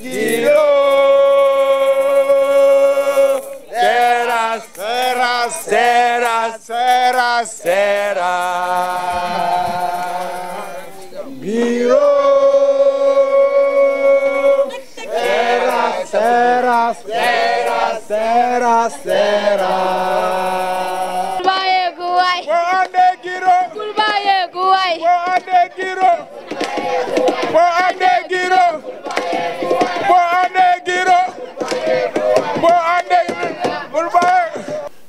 Serás, serás, serás, serás, serás. Giro. Serás, serás,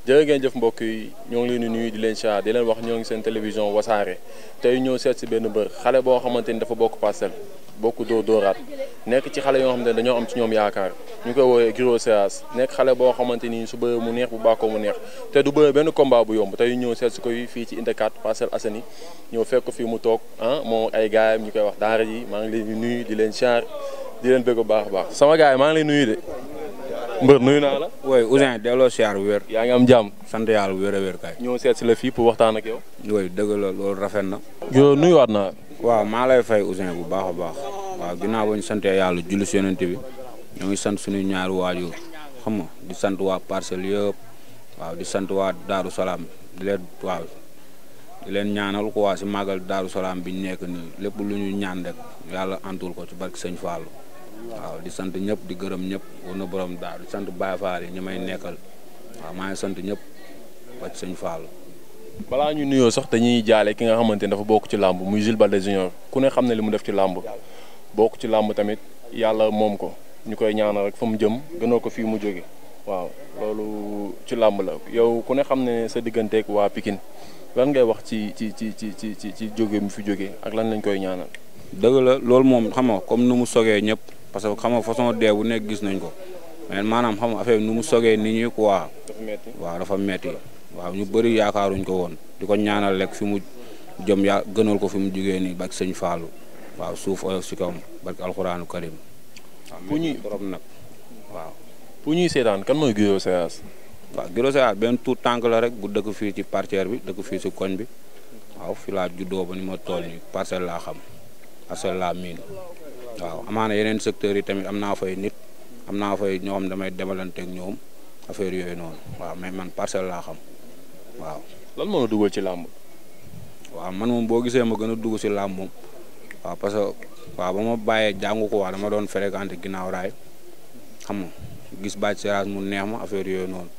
jërë ngeen jëf mbokk yi ñoo ngi leen di nuyu di leen saa di leen wax ñoo ngi seen télévision wasaare tey ñoo seet si benn bër xale boo xamante ni dafa bokk parcelle bokk dóor dóoraat nekk ci xale yoo xamante ne dañoo am ci ñoom yaakaar ñu koy woowee Giro Seras nekk xale boo xamante ni su bëree mu neex bu bàkkoo mu neex te du bëree benn combat bu yomb tey ñëw seet si ko fii ci Unité 4 Parcelles Assainies ñoo fekk fii mu toog ah moom ay gaayam ñu koy wax daara yi maa ngi leen di nuyu di leen di leen bëgg bu baax baax sama gaay maa ngi nuyu de mbër nuyu naa la. waaye Ousin delloo siyaar bu wér. yaa ngi am jàmm. sant yàlla bu wér a wér kay. ñoo seet si la fii pour waxtaan ak yow. woy loolu rafet na. yow nuyuwaat naa. waaw maa lay fay Ousin bu baax a baax. waaw ginnaaw ba ñu sant yàlla julli si yonent bi ñoo ngi sant suñu ñaari waajur xam nga di sant waa parcel yëpp waaw di sant waa Daaru Salaam di leen waaw di leen ñaanal ko waa si màggal Daaru Salaam bi ñu nekk nii lépp lu ñu ñaan rek yàlla antul ko ci barke Sëñ Fallou. waaw di sant ñëpp di gërëm ñëpp na boroom daal di sant Baye Fall yi ñu may nekkal waaw maa ngi sant ñëpp wàcc sëñ Fall. balaa ñu nuyoo sax dañuy jaale ki nga xamante ni dafa bokk ci làmb muy Jules Baldé ku ne xam ne li mu def ci làmb bokk ci làmb tamit yàlla moom ko ñu koy ñaanal rek fa mu jëm gënoo ko fii mu jóge waaw loolu ci làmb la yow ku ne xam ne sa digganteeg waa Pikine lan ngay wax ci ci ci ci ci ci jóge mu fi jóge ak lan lañ koy ñaanal. dëgg la loolu moom xam nga comme nu mu sogee ñëpp. parce que xam nga façon dee bu nekk gis nañ ko mais maanaam xam nga affaire nu mu sogee ni ñi quoi. dafa metti waaw dafa metti waaw ñu bëri yaakaaruñ ko woon di ko ñaanal lekk fi mu jëm yaa gënal ko fi mu jugee nii ba ak sëñ waaw suuf oyof euh, si kawam barke alxuraanu karim. waaw pour ñuy borom nag seetaan kan mooy Guiro Séras. waaw Guiro Séras benn tout tànk rek bu dëkk fii ci parcelle bi dëkk fii si koñ bi waaw fi laa juddoo ba ni ma toll nii parcelle laa xam parcelle laa miin. waaw amaana yeneen secteur yi tamit am naa fay nit am naa fay ñoo xam damay demalanteeg ñoom affaire yooyu noonu waaw mais man parcelle laa xam waaw. lan moo la ci làmb. man moom boo gisee ma gën a dugg si làmb waaw parce que waaw ba bàyyee jàngu ko waa dama doon fréquenté ginnaaw raay xam nga gis bàcc mu neex ma affaire yooyu noonu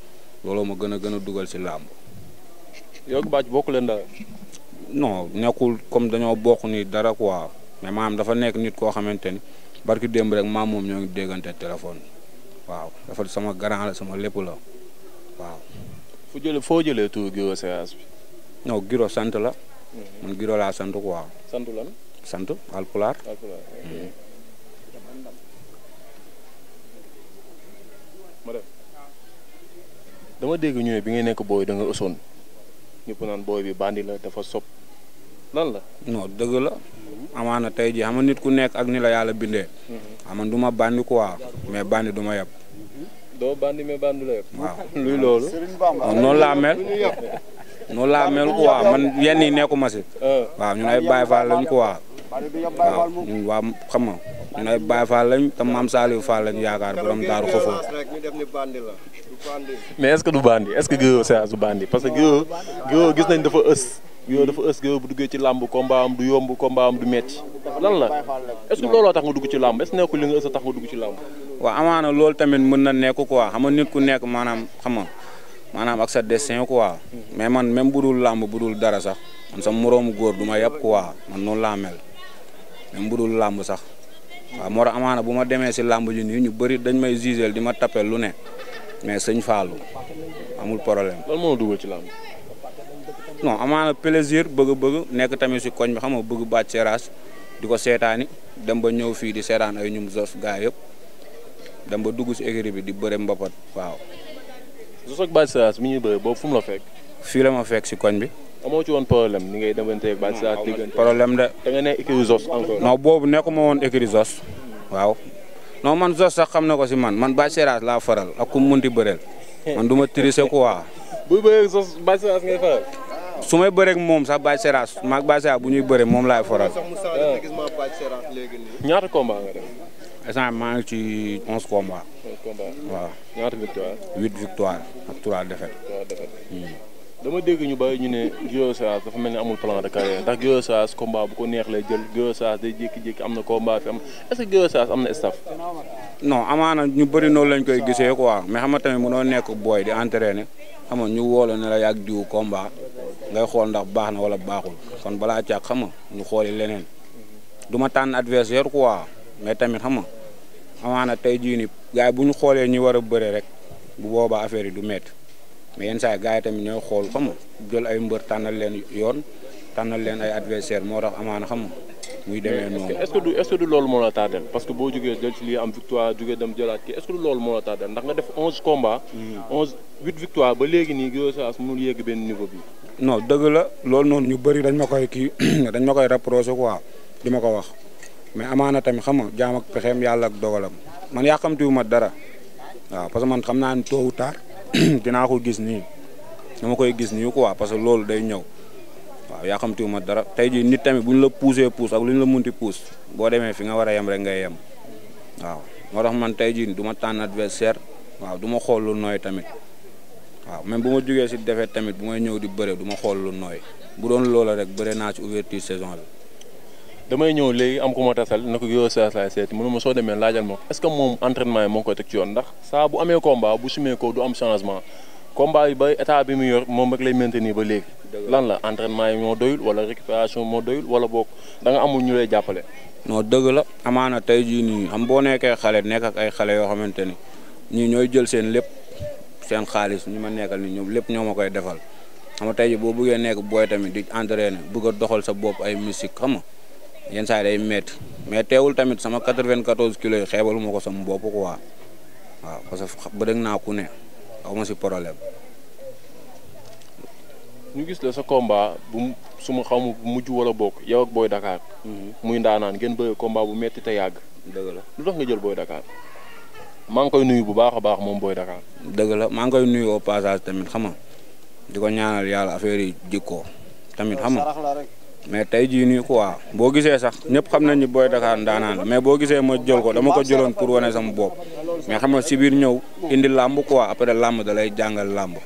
looloo ma gën a gën a dugal si làmb. yow ak bokk leen dara. non nekkul comme dañoo bokk ni dara quoi mais maam dafa nekk nit koo xamante ni barki démb rek maam moom ñoo ngi déggante téléphone waaw dafa sama grand la sama lépp la waaw. fu foo jëlee tur Guiro Séras bi. non Guiro sant la. Mhm. man Guiro laa sant quoi. sant lan. sant Alpulaar. Mhm. dama dégg ñu bi nga nekk booy da nga ësoon ñëpp naan booy bi bandi la dafa sob lan la. non dëgg la. amaana tey ji xam nga nit ku nekk ak ni la yàlla bindee. Mhm. xam nga du ma bandi quoi mais bandi du ma yab. doo bandi mais bandi la waaw luy loolu. noonu laa mel. noonu laa mel quoi man yenn yi nekkuma si. Euh. waaw ñun ay Baye Fall lañ quoi. waaw ñun waa xam nga ñun ay Baye Fall lañ te maam Saliou Fall lañ yaakaar borom daaru xofo. mais est-ce que du bandi est-ce que Guiro Séras du bandi parce que Guiro gis nañ dafa ës. yooyu dafa ës bu duggee ci làmb combat am du yomb combat am du metti lan la est-ce que looloo tax dugg ci lamb est-ce que nekkul li nga ës tax nga dugg ci làmb. waaw amaana loolu tamit mën na nekk quoi xam nga nit ku nekk maanaam xam nga maanaam ak sa destin quoi. mais man même bu dul làmb bu dul dara sax man sa moroomu góor du ma yab quoi man noonu laa mel même bu dul làmb sax. waaw moo tax amaana bu ma demee si làmb ji nii ñu bëri dañ may jugeel di ma tapel lu ne mais sëñ Fallou amul problème. lan ci làmb. non amaana plaisir bëgg-bëgg nekk tamit si koñ bi xam nga bëgg bàcc seeraas di ko seetaani dem ba ñëw fii di seeraan ay ñum zos gaay yëpp dem ba dugg si écurie bi di bëre mbapat waaw. zos ak seeraas mi ñu bëre boobu fu mu la fii la ma fekk si koñ bi. amoo ci woon problème ni ngay demanteeg bàcc seeraas diggante problème de. da nga ne écurie zos boobu nekkuma woon écurie zos. waaw no man zos sax xam na ko si man man bàcc seeraas laa faral ak ku mu munti bëreel man du ma triser quoi. buy su may bëreek moom sax Bathie Seras maag Bathie Seras ñuy bëre moom laay foral. ñaata combat nga def. instant maa ngi ci onze combat. waaw. ñaata victoire. huit victoire ak trois défaites. Hmm. dama dégg ñu bàyyi ñu ne Guiro Seras dafa mel ni amul plan de carrière ndax Guiro Seras combat bu ko neex lay jël Guiro Seras day jékki-jékki am na combat fi am est-ce que Guiro am na staff. non amaana ñu bëri noonu lañ koy gisee ko mais xam nga mu noo nekk booy di entraîner. xam ñu woo na ne la yàgg diw combat ngay xool ndax baax na wala baaxul kon balaa càq xam nga ñu xooli leneen du ma tànn adversaire quoi mais tamit xam nga amaana tey jii ni gars bu ñu xoolee ñu war a bëre rek bu boobaa affaire yi du métti mais yenn saa yi tamit ñooy xool xam jol ay mbër tànnal leen yoon tànnal leen ay adversaire moo tax amaana xam muy demee noonu est ce que du est ce que du loolu moo la tardel parce que boo jógee jël ci lii am victoire jógee dem jëlaat kii est ce que du loolu moo la tardel ndax nga def onze combats. Mm. onze huit victoire ba léegi nii Guiro Soras mënul yegg benn niveau bi. no dëgg la lool noonu ñu bëri dañ ma koy kii dañ ma koy rapproché quoi di ma ko wax mais amaana tamit xam nga jaam ak pexeem yàlla ak dogalam man yàqamtiwu ma dara waaw parce que man xam naa ne tôt ou tard dinaa ko gis nii dama koy gis nii quoi parce que loolu day ñëw. waaw yaa xam tiwuma dara tey jii nit tamit bu ñu la poussé pousse ak lu ñu la munti pousse boo demee fi nga war a yem rek ngay yem waaw moo tax man tey jii duma ma tànn adversaire waaw du ma xool lu nooy tamit waaw même bu ma jógee si défaite tamit bu may ñëw di bëre du ma xool lu nooy bu doon loola rek bëre naa ci ouverture saison bi. damay ñëw léegi am ku ma tasal na ko yow saa saa seet mënu ma soo demee laajal que moom entraînement yi moo koy teg ci yoon ndax bu amee combat bu sumee ko du changement. combat yi ba état bi mu yor moom rek lay maintenir ba léegi. lan la entraînement yi moo doyul wala récupération moo doyul wala boog danga nga amul ñu lay jàppale. noo dëgg la amaana tey jii nii xam boo nekkee xale nekk ak ay xale yoo xamante ni ñii ñooy jël seen lépp seen xaalis ñu ma nekkal ni ñoom lépp ñoo ma koy defal xam nga tey jii boo buggee nekk booy tamit di entraîné bëgg a doxal sa bopp ay musique xam nga yenn saa yi day métti mais teewul tamit sama 94 kilos yi ma ko sama bopp quoi waaw parce que bëri naa ku ne. amu si problème. ñu gis la sa combat bu su ma xamu mujj wala bokk yow ak Boy Dakar. Mhm. muy ndaanaan ngeen bëgg combat bu metti te yàgg. dëgg la lu tax nga jël Boy Dakar. maa ngi koy nuyu bu baax a baax moom Boy Dakar. dëgg la maa ngi koy nuyu au passage tamit xam nga di ko ñaanal yàlla affaire yi jikkoo tamit xam mais tey jii ni quoi boo gisee sax ñëpp xam nañ ni Boy Dakar ndaanaan la mais boo gisee ma jël ko dama ko jëloon pour wane sama bopp mais xam nga si biir ñëw indi làmb quoi après làmb da lay jàngal làmb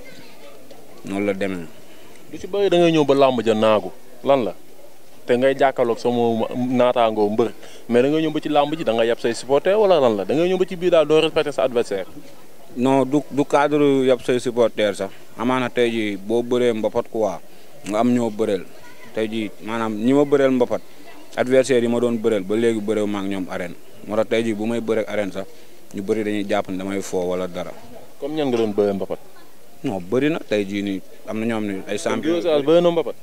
noonu la demee. lu ci bëri da ñëw ba làmb ja naagu lan la te ngay jàkkaarloog sama naataangoo mbër mais da ngay ñëw ba ci làmb ji da nga yab say supporter wala lan la da ngay ñëw ba ci biir daal doo respecté sa adversaire. non du du cadre yab say supporter sax amaana tey jii boo bëree mbapat quoi nga am ñoo bëreel. tey jii maanaam ñi ma bëreel mbapat adversaire yi ma doon bëreel ba léegi bëréew ma ñoom arène moo tax tey jii bu may bëre arène sax ñu bëri dañuy jàpp ne damay foo walla dara. comme ñan nga doon bëreel mbapat. non bëri na tey jii nii am na ñoo xam ne ay. champion bëri na mbapat.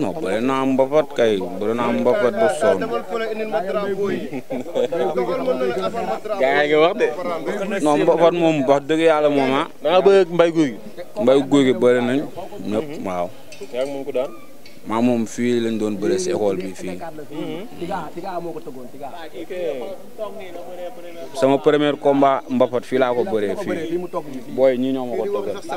non bëri naa mbapat kay bëri naa mbapat ba sonn. gaa nga wax moom wax dëgg yàlla moom ah. mbay guy gi. mbay guy nañ ñëpp waaw. yaa maa moom fii lañ doon bëre si école bi fii. sama premier combat mbapat fii laa ko bëree fii booy ñi ko toggal. bu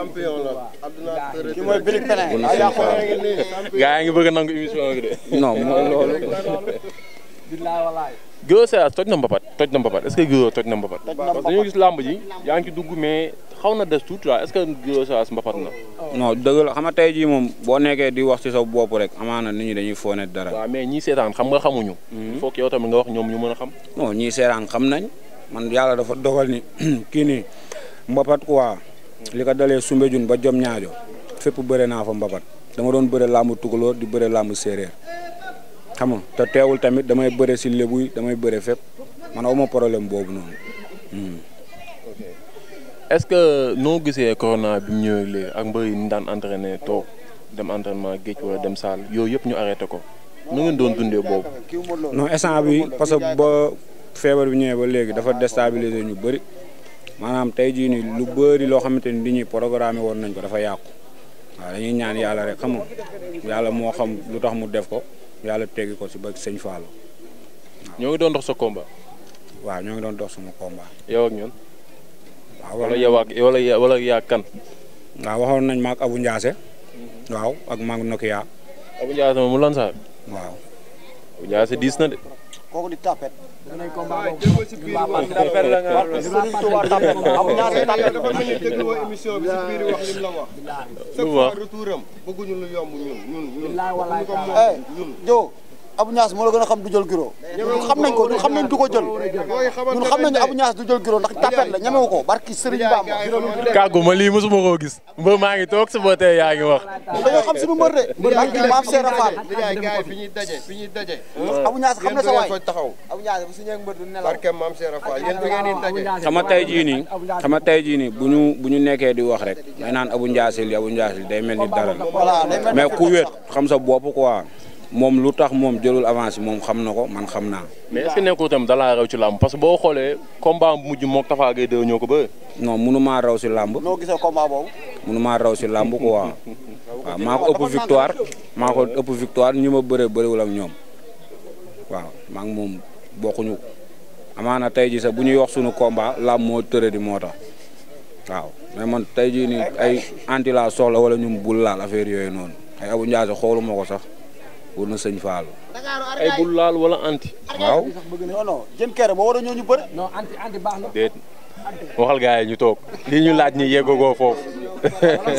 ngi bëgg nangu émission bi de. non Guiro Seras toj na mbapat toj na mbapat est-ce que toj na mbapat. parce que dañoo gis làmb ji yaa ngi ci dugg mais xaw na des tuuti waaw est-ce que Guiro Seras mbapat na. non dëgg xam nga tey jii moom boo nekkee di wax ci sa bopp rek amaana ni ñu dañuy fóone dara. waaw mais ñi seetaan xam nga xamuñu. Mhm. il faut que yow tamit nga wax ñoom ñu mën a xam. non ñii seetaan xam nañ man yàlla dafa dogal ni kii nii mbapat quoi. li ko dalee Soumbédioune ba jom ñaajo fépp bëre naa fa mbapat dama doon bëre làmb tukulóor di bëre lamb séeréer xam te teewul tamit damay bëre si lébuy damay bëre fépp man awma problème boobu noonu. ok est-ce que noo gisee corona bi mu ñëwee ak mbër yi ñu daan entraîné toog dem entraînement géej wala dem saal yooyu yëpp ñu arrêté ko nu doon dundee boobu. non parce que ba feebar bi ñëwee ba léegi dafa déstabiliser ñu bëri maanaam tey jii nii lu bëri loo xamante ni li ñuy programmé woon nañ ko dafa yàqu waaw dañuy ñaan yàlla rek xam yàlla moo xam lu tax mu def ko. yàlla teggi ko si ba sëñ Fallou. ñoo doon dox sa combat. waaw ñoo ngi doon dox sama combat. yow ak ñun. waaw wala yow ak yaa kan. waaw waxoon nañ ma ak Abou Ndiassé. Mhm. waaw ak maa ngi Nokia. Abou Ndiassé moom mu lan saa. waaw. Ndiaye si diis na de. kooku di tapet. dinañ ko mbaa boobu. tapet la nga wax Abou Niasse tapet dafa mel ni dégluwoo émission bi si biir wax lim la wax. chaque fois retouram bëgguñu lu yomb ñun ñun ñun. ñun. Eh, abu Niass moo la gën a xam du jël giro ñun xam nañ ko xam nañ du ko jël ñun xam nañ Abou Niass du jël giro ndax tapet la ñemewu ko barki Serigne Bamba kàggu ma lii mosuma koo gis mbër maa ngi toog suba tey yaa ngi wax dañoo xam suñu mbër de barki maam Seera Fall fi ñuy daje fi ñuy daje Abou Niass xam na sa waay taxaw Abou Niass bu suñu mbër du nelaw barke maam Seera Fall yéen bi di tey jii nii bu ñu bu ñu nekkee di wax rek may naan abu Niass li Abou Niass li day mel ni dara mais ku wéet xam sa bopp quoi moom lu tax moom jëlul avance moom xam na ko man xam naa. mais est nekku que nekkul tam dalaa raw ci làmb parce que boo xoolee combat mujj moog Tapha Gueye dëgg ñoo ko ba bëri. munu munumaa raw si làmb. noo gisee combat boobu. munumaa raw si làmb quoi. waaw maa ko ëpp victoire maa ko ëpp victoire ñu ma ak ñoom waaw maa ngi moom bokkuñu na tey ji sax bu ñuy wax suñu combat làmb moo tëre di moo tax waaw mais man tey jii ni ay antila la soxla wala ñum bul laal affaire yooyu noonu ay Abu Ndiaye xooluma ko sax. wër a sëñ Fallou. ay bul laal wala anti. waaw non non jën kere boo war a ñu bëri. non anti anti baax na. déet waxal gars yi ñu toog lii ñu laaj ñi yeggagoo foofu.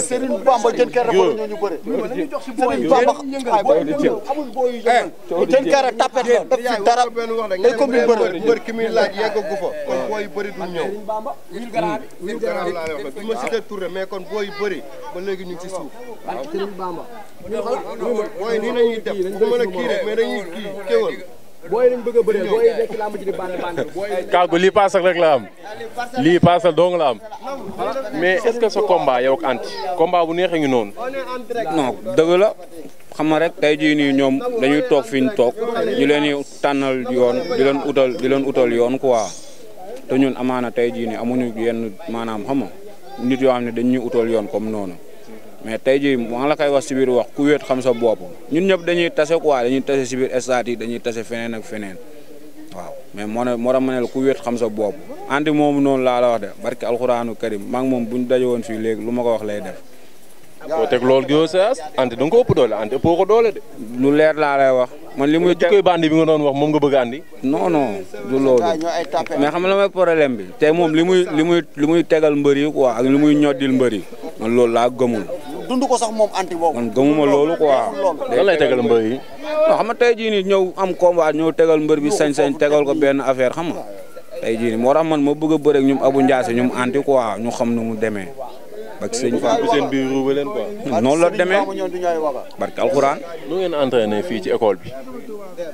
Serigne Bamba jën kër rafetlu ñoo ñu bëre. Serigne Bamba amul boo yu jën kër tapet la def ci dara day comme ni bëre mbër ki muy laaj yeggagu fa kon boo yu bëri du ñëw. mille garab mille mais kon boo yu bëri ba léegi ñu ngi si suuf. Serigne Bamba. booy nii la ñuy def ku mën a kii rek mais kii kéwal. booy lañ kaagu lii paasal rek la am lii paasal dong la am mais est-ce que yow ak anti combat bu neexee ngi noonu no dëgg la xam nga rek tey jii nii ñoom dañuy toog fi ñu toog ñu leen di tànnal yoon di leen utal di leen utal yoon quoi te ñun amaana tey jii nii amuñu yenn maanaam xam nga nit yoo xam ne dañ ñuy utal yoon comme noonu mais tey jii maa la koy wax si biir wax ku wéet xam sa bopp ñun ñëpp dañuy tase quoi dañuy tase si biir stade yi dañuy tase feneen ak feneen waaw mais moo ne moo tax ma ku wéet xam sa bopp anti moomu noonu laa la wax de barke alxuraanu karim maa ngi moom bu ñu daje woon fii léegi lu ma ko wax lay def. boo teg loolu gi Saas anti da ëpp doole anti ëppoo ko doole lu leer laa lay wax. man li muy teg koy bi nga doon wax moom nga bëgg a andi. non non du loolu mais xam nga la mooy problème bi tey moom li muy li muy li muy tegal mbër yi quoi ak li muy ñoddil mbër yi man loolu laa gëmul dund ko sax moom anti boobu. man gëmuma loolu quoi. lan lay tegal mbër yi. non xam nga tey jii nii ñëw am combat ñëw tegal mbër bi sañ-sañ tegal ko benn affaire xam nga tey moo tax man ma bëgg a bëreeg ñum Abu Ndiasse ñum anti quoi ñu xam nu mu demee. bak sëñ seen biir ruube leen quoi. noonu la demee barke alxuraan. nu ngeen entraîné fii ci école bi.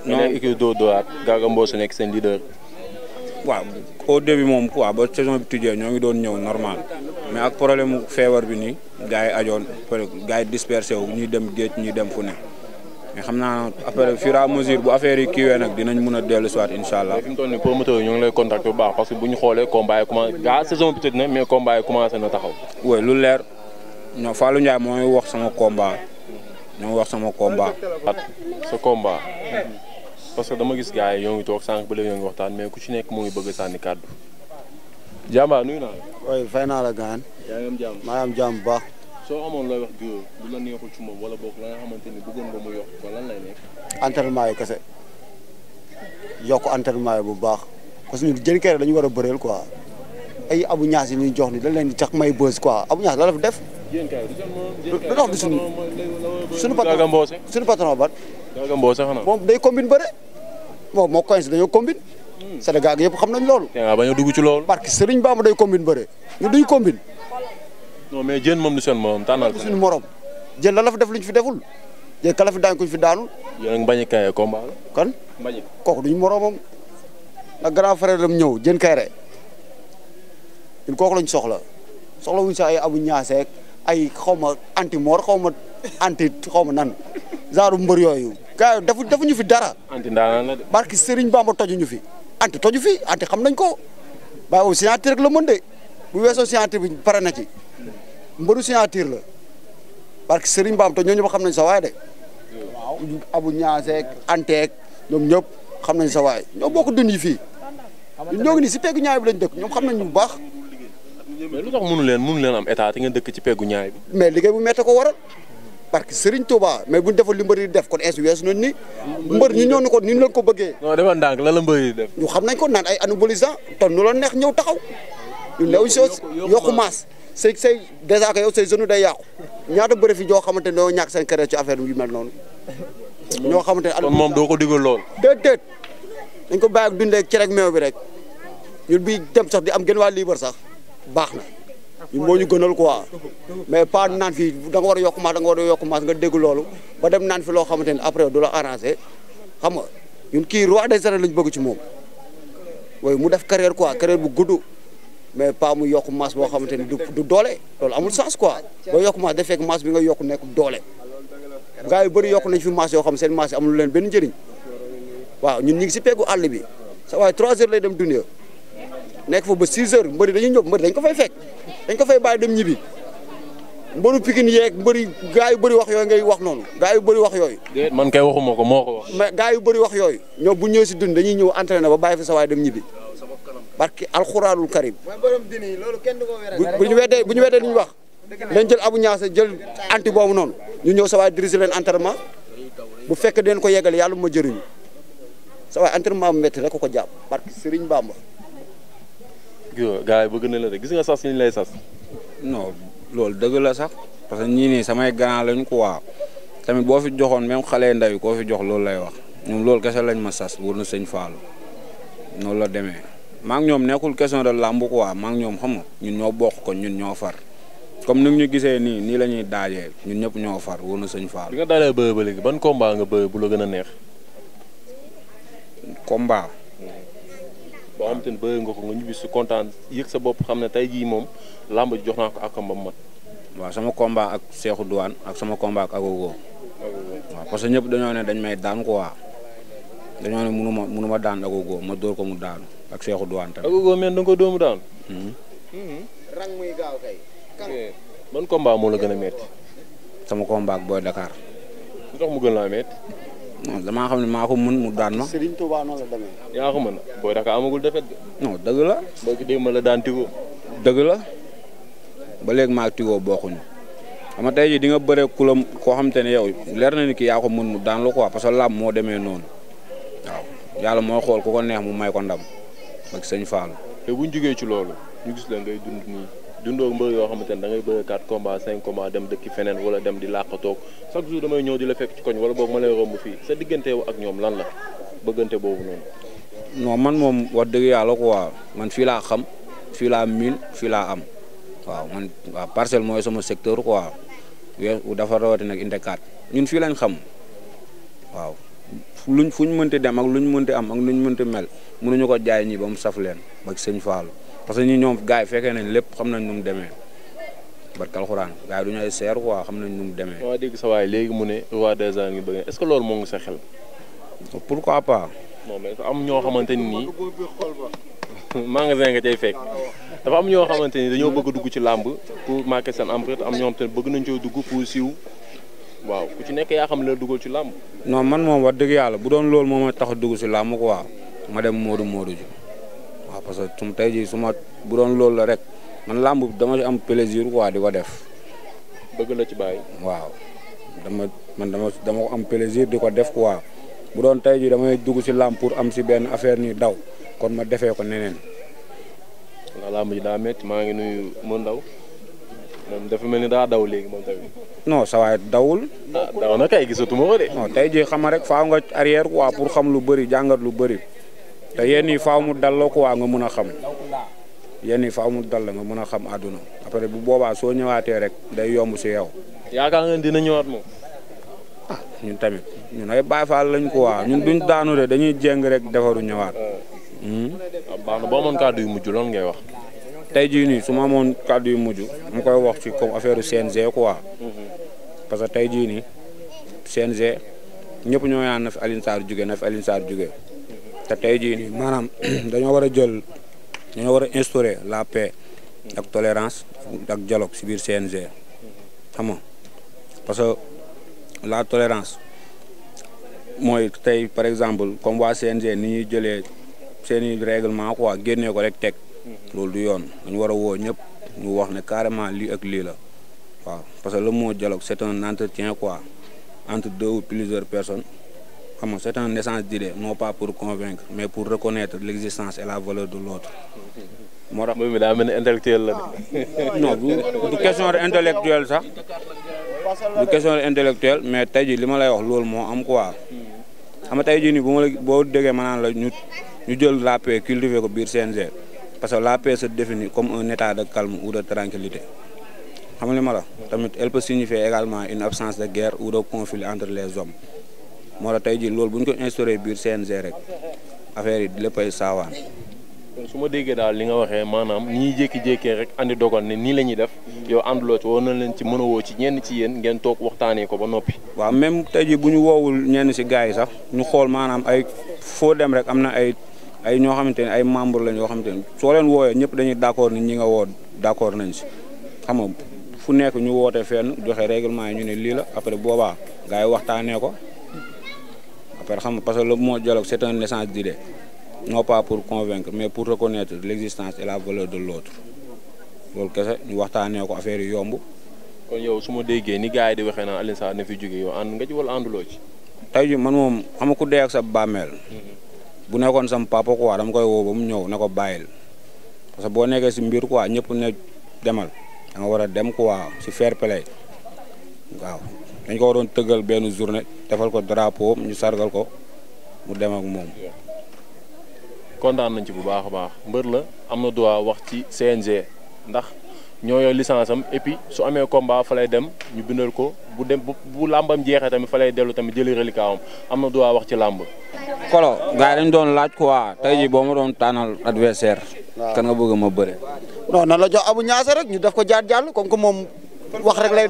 non nga nekk équipe doo dooraat Garga Mbossé nekk seen leader. waaw au moom quoi ba saison bi tijjee ñoo ngi doon ñëw normal mais ak problème feebar bi nii gars yi ajoon gars yi dispersé wu ñuy dem géej ñuy dem fu ne mais xam naa après fira et mesure bu affaire yi kiiwee nag dinañ mun a dellu si waat incha allah. fi mu toll nii lay contacter bu baax parce que bu ñu xoolee combat yi commencé gaa saison bi tëj na mais combat yi commencé na taxaw. oui lu leer ñoom Fallou Ndiaye mooy wax sama combat ñoo wax sama combat. sa combat. parce que dama gis gars yoo ngi toog sànq bu léegi ñoo ngi waxtaan mais ku ci nekk moo ngi bëgg sànni kàddu. jàmbaar nuyu naa la. naa la gaan. yaa maa ngi am bu baax. soo amoon la neexul ci moom wala boog la nga xamante ni bëggoon nga mu yokk ko lan lay nekk. entraînement kese yokk entraînement yi bu baax parce que ñun dañu war a bëreel quoi ay abu ñaas yi ñuy jox ni dañ leen di tax may bës quoi abu ñaas la dafa def. jën kër du dox du suñu. suñu patron Gaga Mbose. suñu patron ban. Gaga moom day combine bëre moom moo coince dañoo combine. Sénégal gi yëpp xam nañ loolu. waaw ba ñu dugg ci loolu. parce que Serigne Bamba day combine bëre ñu duñ combine. mais jën moom du seen morom tànnal ko suñu morom jën la la fa def lu ñu fi deful jën kala fi ñu fi daanul. bañ a kaye kan bañ kooku duñ moromam nag ñëw jën kayre ñun kooku lañ soxla soxla wuñ ay abu ñaaseek ay xaw ma anti mor xaw ma anti xaw ma nan genre mbër yooyu. gars yi defu ñu fi dara. anti ndaanaan la de. barki Serigne fi. anti toju fi anti xam nañ ko waaye moom signature la mën de bu weesoo signature bi pare na ci mbaru signature la parce que Serigne Bam to ñooñu ba xam nañ sa waay de waaw abu ñaaseek anteek xam nañ sa waay ñoo bokk dund yi fii ñoo ngi nii si peggu ñaay bi lañ dëkk ñoom xam nañ bu baax. mais lu tax mënu leen mënu leen am état te ngeen dëkk ci peggu ñaay bi. mais liggéey bu méttee ko waral. parce que Serigne Touba mais bu defal li mbër yi def kon es weesu nañ ni mbër ñu ñëw ko ni ñu ko bëggee non dafa ndànk lan mbër yi def ñu xam nañ ko naan ay anabolisant te nu la neex ñëw taxaw ñu new si yokku maas say say dèjà que yow say day yàqu ñaata bëri fi joo xamante ne doo ñàkk affaire yu mel noonu ñoo xamante ne moom doo ko digal lool déet ko bàyyi ak dundee ci rek meew bi rek ñun bi dem sax di am gën waa liibar sax baax na ñu moo ñu gënal quoi mais pas naan fi da nga war a yokk maas nga war yokk maas nga dégg loolu ba dem naan fi loo xamante ni après du la arrangé xam nga ñun kii roi de arènes lañ bëgg ci moom waaye mu def carrière quoi carrière bu gudd mais pas mu yokk maas boo xamante ni du du doole loolu amul sens quoi ba yokk maas dafekk maas bi nga yokk nekk doole gars yu bëri yokk nañ fi maas yoo xam seen maas yi amul leen benn njëriñ waaw ñun ñu ngi si peggu àll bi sa waaye trois heures dem dundee nekk fa ba 6 heures mbëri dañuy ñëw mbëri dañ ko fay fekk dañ ko fay bàyyi dem ñibbi mbëru Pikine yeeg mbëri gaa yu bëri wax yooyu ngay wax noonu gaa yu bëri wax yooyu. man kay waxuma ko moo ko wax. mais gaa yu bëri wax yooyu ñoom bu ñëwee si dund dañuy ñëw entraîné ba bàyyi fa sa waay dem ñibbi barki alxuraanul karim. bu ñu weddee bu ñu weddee li ñu wax. dañ jël abu ñaasa jël anti boobu noonu ñu ñëw sa waay dirigé leen entraînement bu fekk den ko yeggale yàlla ma jëriñu sa waay entraînement bu métti rek ko ko jàpp barki Serigne Bamba gars yi bëgg na la de gis nga sas liñ lay sas. no loolu dëgg la sax parce que ñii nii samay grand lañ ko tamit boo fi joxoon même xale ndaw yi koo fi jox loolu lay wax ñoom loolu kese lañ ma sas wóor na sëñ Fallou noonu la demee maa ñoom nekkul question de làmb quoi maak ñoom xam nga ñun ñoo bokk ko ñun ñoo far comme ni ñu gisee nii nii la ñuy daajee ñun ñëpp ñoo far wóor sëñ Fallou. bi nga daalee bëre ba léegi ban combat nga bëre bu la gën a neex. combat. boo xamante ni bëri ko nga si kontaan yëg sa bopp xam ne tey jii moom làmb ji jox naa ko mat. waaw sama combat ak Cheikhou Douane ak sama combat ak Agogo. waaw parce que ñëpp dañoo dañ may daan quoi mënu ma mënu ma dóor ko mu daanu ak Cheikhou Douane tamit. Agogo men man hmm. hmm. eh, combat moo la gën a metti sama combat ak Boy Dakar. lu tax mu gën laa metti non damaa xam ne maa ko mën mu daan ma. Serigne Touba noonu la demee. yaa ko mën booy daka amagul defet non dëgg la. mbokk yi daan Tigo. dëgg la ba léegi maa ak Tigo bokkuñu xam nga tey jii di nga bëre ku la koo xam te ne yow leer na ni ki yaa ko mën mu daan la quoi parce que làmb moo demee noonu waaw yàlla moo xool ku ko neex mu may ko ak sëñ Fallou. te bu ñu jugee ci loolu gis la ngay dund nii. dundoo mbër yoo xamante dangay da ngay bëre 4 combats 5 combats dem dëkki feneen wala dem di toog chaque jour damay ñëw di la fekk ci koñ wala boobu ma lay romb fii sa diggante ak ñoom lan la bëggante boobu noonu. non man moom wax dëgg ko quoi man fii laa xam fii laa miin fii laa am waaw man waaw parcelle mooy sama secteur quoi weesu dafa rawati nag indi ñun fii lañ xam waaw luñ fu ñu mënti dem ak lu ñu mënti am ak lu ñu mënti mel mënuñu ko jaay ñi ba mu leen ba sëñ Fallou parce que ñu ñoom gars yi fekkee nañ lépp xam nañ nu mu demee barke alxuraan gars du ñu seer quoi xam nañ nu mu demee. waaw dégg sa waay léegi mu ne roi des arènes ngi bëgg est-ce que loolu moo ngi sa xel. pourquoi pas. non am ñoo xamante ni nii magasin nga cay fekk dafa am ñoo xamante ni dañoo bëgg dugg ci làmb pour marquer seen empreinte am ñoom xam bëgg nañ coo dugg pour siiw waaw ku ci nekk yaa xam la duggal ci làmb. non man moom wax dëgg yàlla bu doon loolu moom ma tax a dugg si làmb quoi ma dem Modou Modou waaw parce que su ma tey jii su bu doon loolu la rek man làmb dama ci am plaisir quoi di ko def. bëgg la ci bàyyi. waaw dama man dama dama ko am plaisir di ko def quoi bu doon tey jii damay dugg si làmb pour am si benn affaire ni daw kon ma defee ko neneen. ndax làmb ji daa métti maa ngi nuyu mu ndaw moom dafa mel ni daa daw léegi moom tamit. non sa dawul. Ah, daw na kay gisatuma ko de. non tey jii xam rek faaw nga arrière quoi pour xam lu bari jàngat lu bari te yenn yi faaw mu dal ko waa nga mun a xam yenn yi faaw mu dal nga mën a xam àdduna après bu boobaa soo ñëwaatee rek day yomb si yow. yaakaar ngeen dina ñëwaat moom. ah ñun tamit ñun ay Baay Faal lañ ko waa ñun duñ daanu de dañuy jéng rek defaru ñëwaat. Hmm? Ah, baax na boo amoon mujj loolu ngay wax. tey jii nii su ma amoon kàddu yu mujj mu koy wax ci comme affaire CNG quoi. Mm-hmm. parce que tey jii nii CNG ñëpp ñoo yaan na fi Alioune juge jóge na fi Alioune jóge te tey jii nii maanaam dañoo war a jël dañoo war a instaurer la paix ak tolérance ak dialogue ci biir CNG xam parce que la tolérance mooy tey par exemple comme waa CNG ni ñuy jëlee seeni règlement quoi génnee ko rek teg loolu du yoon dañu war a woo ñëpp ñu wax ne carrément lii ak lii la waaw parce que le moo dialogue c'est un entretien quoi entre de ou plusieurs personnes xam nga c'est un échange d'idées non pas pour convaincre mais pour reconnaître l'existence et la valeur de l'autre moo tax moom mel ni intellectuel la de. non du question intellectuel sax du question de intellectuel mais tey jii li ma lay wax loolu moo am quoi am nga tey jii nii bu ma boo déggee ma la ñu ñu jël la paix cultiver ko biir CNG parce que la pe se définit comme un état de calme ou de tranquillité xam nga li ma la. tamit elle peut signifier également une absence de guerre ou de conflit entre les hommes. moo tax tey jii loolu bu ñu ko instauré biir CNG rek affaire yi léppay saawaan. su ma déggee daal li nga waxee maanaam ni ñuy jékki-jékkee rek andi dogal ne nii la ñuy def yow ànduloo ci woon na leen ci mën a woo ci ñenn ci yéen ngeen toog waxtaanee ba noppi. waaw même tey jii bu ñu woowul ñenn si gars yi sax ñu xool maanaam ay foo dem rek am na ay ay ñoo xamante ne ay membre lañ yoo xamante ne soo leen wooyee ñëpp dañuy d'accord ni ñi nga woo d'accord nañ si xam fu nekk ñu woote fenn joxe règlement yi ñu ne lii la après boobaa gars yi waxtaanee ko. par exemple nga parce que le moo dialogue c'est un essence d'idée non pas pour convaincre mais pour reconnaître l'existence et la valeur de l'autre loolu kese ñu waxtaanee ko affaire yi yomb. kon yow su ma déggee ni gars yi di waxee naan Alioune Sarr na fi jóge yow ànd nga ci wala ànduloo ci. tey jii man moom xam ku dee ak sa bàmmeel. Mm-hmm. bu nekkoon sam papa quoi dama koy woo ba mu ñëw na ko bàyyil parce que boo nekkee si mbir quoi ñëpp ne demal da nga war a dem quoi si fair play dañ ko waroon tëggal benn journée defal ko drapeau ñu sargal ko mu dem ak moom. kontaan nañ ci bu baax a baax mbër la am na droit wax ci CNG ndax ñoo yor licence am su amee combat fa lay dem ñu bindal ko bu dem bu làmbam jeexee tamit fa lay dellu tamit jëli reliquat am am na droit wax ci làmb. kolo gaa dañ doon laaj ko quoi te jii boo ma doon tànnal adversaire. kan nga bëgg ma bëre. non nan la jox abu ñaase rek ñu def ko jaar jàll comme que moom wax rek lay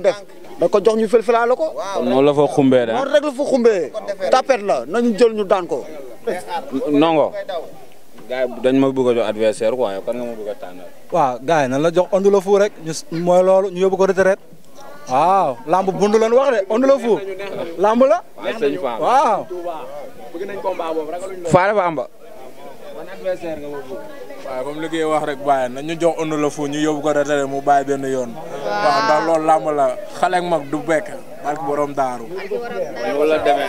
da ko jox ñu fël-fëlaa la ko. kon la fa xumbee de. noonu rek la fa tapet la nañu jël ñu daan ko. nongo dañ ma bëgg a jox adversaire quoi kan nga ma bëgg a tànnal. waaw gars la jox ondu fu rek ñu mooy loolu ñu yóbbu ko retraite waaw lamb bundu lan wax de ondu fu lamb la. waaw sëñ Fane waaw comme li koy wax rek bàyyi ñu jox ënd mu bàyyi benn yoon. waaw ndax loolu làmb la xale ak borom daaru. wala na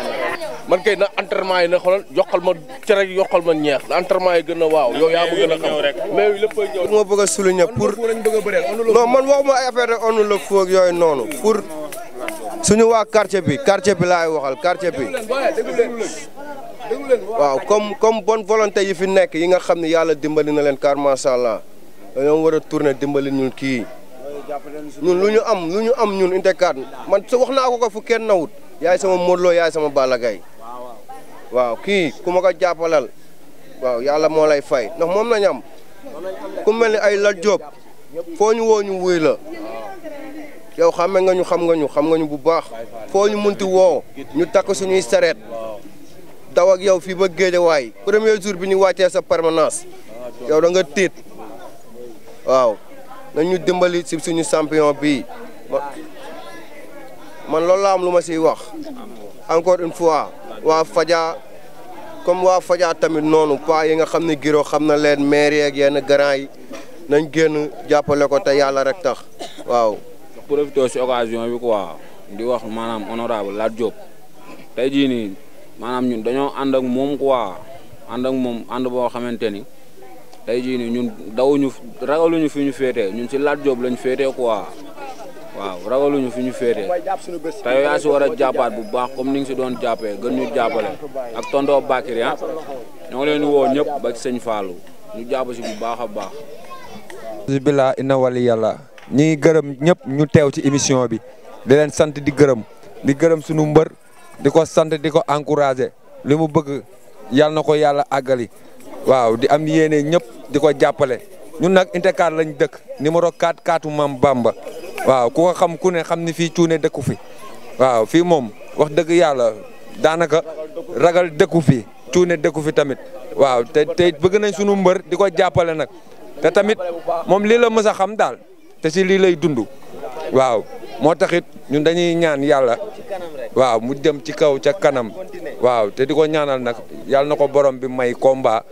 man kay na entraînement yi na xoolal yokkal ma cere yokkal ma ñeex na entraînement yi gën a waaw yow yaa ma gën a xam rek mais yooyu léppay ñëw. ma bëgg a souligner man waxuma ay affaire de ënd la fu yooyu noonu pour suñu waa quartier bi quartier bi laay waxal quartier bi. waaw comme comme bonne volonté yi fi nekk yi nga xam ne yàlla dimbali na leen car macha allah dañoo war a tourner dimbali ñun kii ñun lu ñu am lu ñu am ñun intekat man sa wax naa ko ko fu kenn nawut yaay sama Modou Lo yaay sama Balla waaw kii ku ma ko jàppalal waaw yàlla moo lay fay ndax moom nañ am ku mel ni ay Lat Diop foo ñu woo ñu wuy la yow xame nga ñu xam nga ñu xam nga ñu bu baax foo ñu munti woo ñu takk suñuy sareet daw ak yow fii ba Géejawaay premier jur bi ñu wàccee sa permanence yow da nga tiit waaw nañu dimbali si suñu champion bii man loolu la am lu ma siy wax encore une fois waa Fadia comme waa fajaa tamit noonu pas yi nga xam ne Giro xam na leen maire yeeg yenn grand yi nañ génn jàppale ko te yàlla rek tax waaw. profité si occasion bi quoi di wax maanaam honorable Lat Diop tey jii maanaam ñun dañoo ànd ak moom quoi ànd ak moom ànd boo xamante ni tey jii nii ñun dawuñu ragaluñu fi ñu féetee ñun si Lat Diop lañ féetee quoi waaw ragaluñu fi ñu féetee te yow yaa si war a jàppaat bu baax comme ni nga si doon jàppee gën ñu jàppale ak tontoo Bakiri ah ñoo leen woo ñëpp ba ci sëñ ñu jàpp si bu baax a baax. bisimilah inna yàlla ñi gërëm ñëpp ñu teew ci émission bi di leen sant di gërëm di gërëm sunu mbër. di ko sant di ko encouragé li mu bëgg yàlla na ko yàlla àggali waaw di am yéene ñëpp di ko jàppale ñun nag Unité lañ dëkk numéro 4 kaatu Mam Bamba waaw ku xam ku ne xam ni fii cuune dëkku fi waaw fii moom wax dëgg yàlla daanaka ragal dëkku fi cuune dëkku fi tamit waaw te te bëgg nañ sunu mbër di ko jàppale nag te tamit moom lii la mës a xam daal te si lii lay dund moo taxit ñun dañuy ñaan yàlla waaw mu jëm ci kaw ca kanam waaw te di ko ñaanal nag yàlla na ko borom bi may combat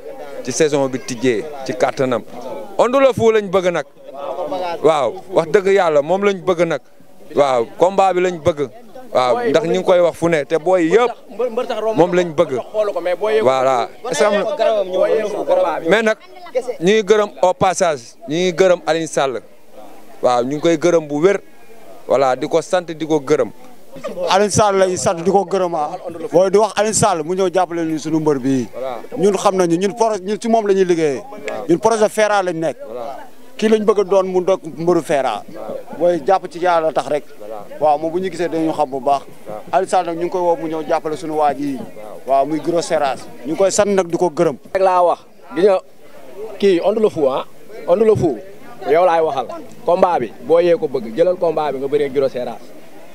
ci saison bi tijee ci kàttanam Onde le lañ bëgg nag waaw wax dëgg yàlla moom lañ bëgg nag waaw combat bi lañ bëgg waaw ndax ñu ngi koy wax fu ne te booy yëpp moom lañ bëgg voilà mais nag ñu gërëm au passage ñu ngi gërëm Alioune waaw ñu ngi koy gërëm bu wér voilà di ko sant di ko gërëm. Alioune Sall lay sant di ko gërëm ah di wax Alioune Sall mu ñëw jàppale ñu suñu mbër bii ñun xam nañu ñun pro ñun ci moom la ñuy liggéeyee ñun projet Fera lañ nekk kii lañ bëgg doon mu ndokk mbëru Fera booy jàpp ci yàlla tax rek waaw moom bu ñu gisee ñu xam bu baax Alioune Sall nag ñu ngi koy woo mu ñëw jàppale suñu waa i waaw muy gros serrage ñu ngi koy sant nag di ko gërëm. rek laa wax di nga kii Onde le Fou ah Onde yow laay waxal combat bi boo yee ko bëgg jëlal combat bi nga bëree Giro Seras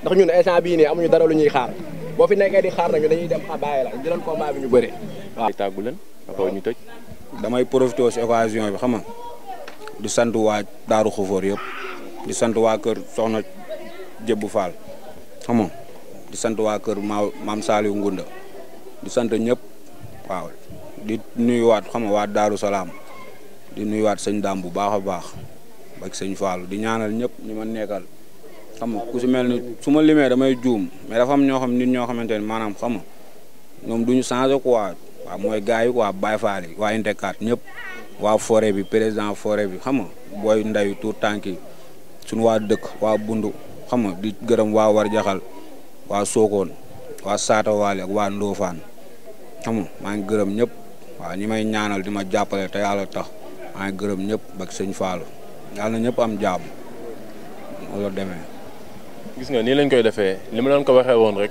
ndax ñun instant bii nii amuñu dara lu ñuy xaar boo fi nekkee di xaar nañu dañuy dem xa bàyyi la jëlal combat ñu bëri waaw. tàggu ñu tëj. damay profité si occasion bi xam di sant waa Daaru Xufoor yëpp di sant waa kër Soxna Jébbu Fall xam di sant waa kër Maam Saliou Ngunda di sant ñëpp waaw di nuyuwaat xam nga waat Daaru Salaam di nuyuwaat sëñ daam bu baax a baax. ak sëñ Fall di ñaanal ñëpp ñu ma nekkal xam nga ku si mel ni su ma limee damay juum mais dafa am ñoo xam nit ñoo xamante ne maanaam xam ñoom du ñu changé quoi waaw mooy gars yi quoi Baye Fall waa Inte 4 ñëpp waa forêt bi président forêt bi xam nga booy ndaw tuur tànk yi suñu waa dëkk waa bundu xam nga di gërëm waa war jaxal waa Sokone waa Saatawaale ak waa Ndofane xam maa gërëm ñëpp waaw ñi may ñaanal di ma jàppale te yàlla tax maa gërëm ñëpp bak sëñ Fallou yàlla na ñëpp am jàmm loolu demee. gis nga nii lañ koy defee li ma leen ko waxee woon rek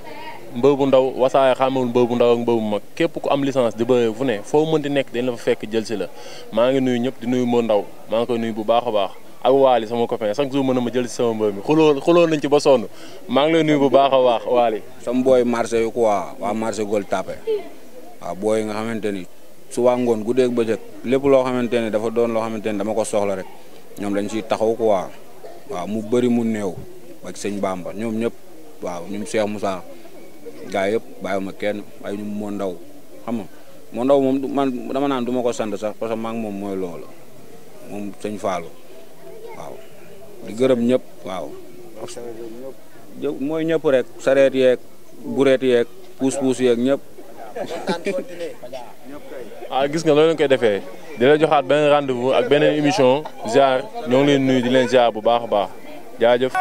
mbër bu ndaw wasaare xamewul mbër bu ndaw ak mbër mag képp ku am licence di bëree fu ne foo mënti nekk dañ la fa fekk jël si la maa ngi nuyu ñëpp di nuyu moo ndaw maa koy nuyu bu baax a baax ak waali sama copain chaque jour mën a ma jël si sama mbër mi xuloo xuloo nañ ci ba sonn maa ngi lay nuyu bu baax a waax waali sama booy marché yu ko waa marché Gueule Tapée waaw booy nga xamante ni su waa ngoon guddeeg bëccëg lépp loo xamante ne dafa doon loo xamante ni dama ko soxla rek ñoom dañ siy taxaw quoi waaw mu bëri mu néew ak sëñ Bamba ñoom ñëpp waaw ñum Cheikh Moussa gaa yëpp bàyyi ma kenn ay ñu moo ndaw xam nga ndaw moom man dama naan du ma ko sant sax parce que maa ngi moom mooy loolu moom sëñ Fallou waaw di gërëm ñëpp waaw mooy ñëpp rek sareet yeeg bureet yeeg puus puus yeeg ñëpp a ah, gis nga loolu lañ koy defee di la joxaat benn rendez ak beneen émission ziar ñoo ngi leen nuyu di leen ziar bu baax a baax jaajëf.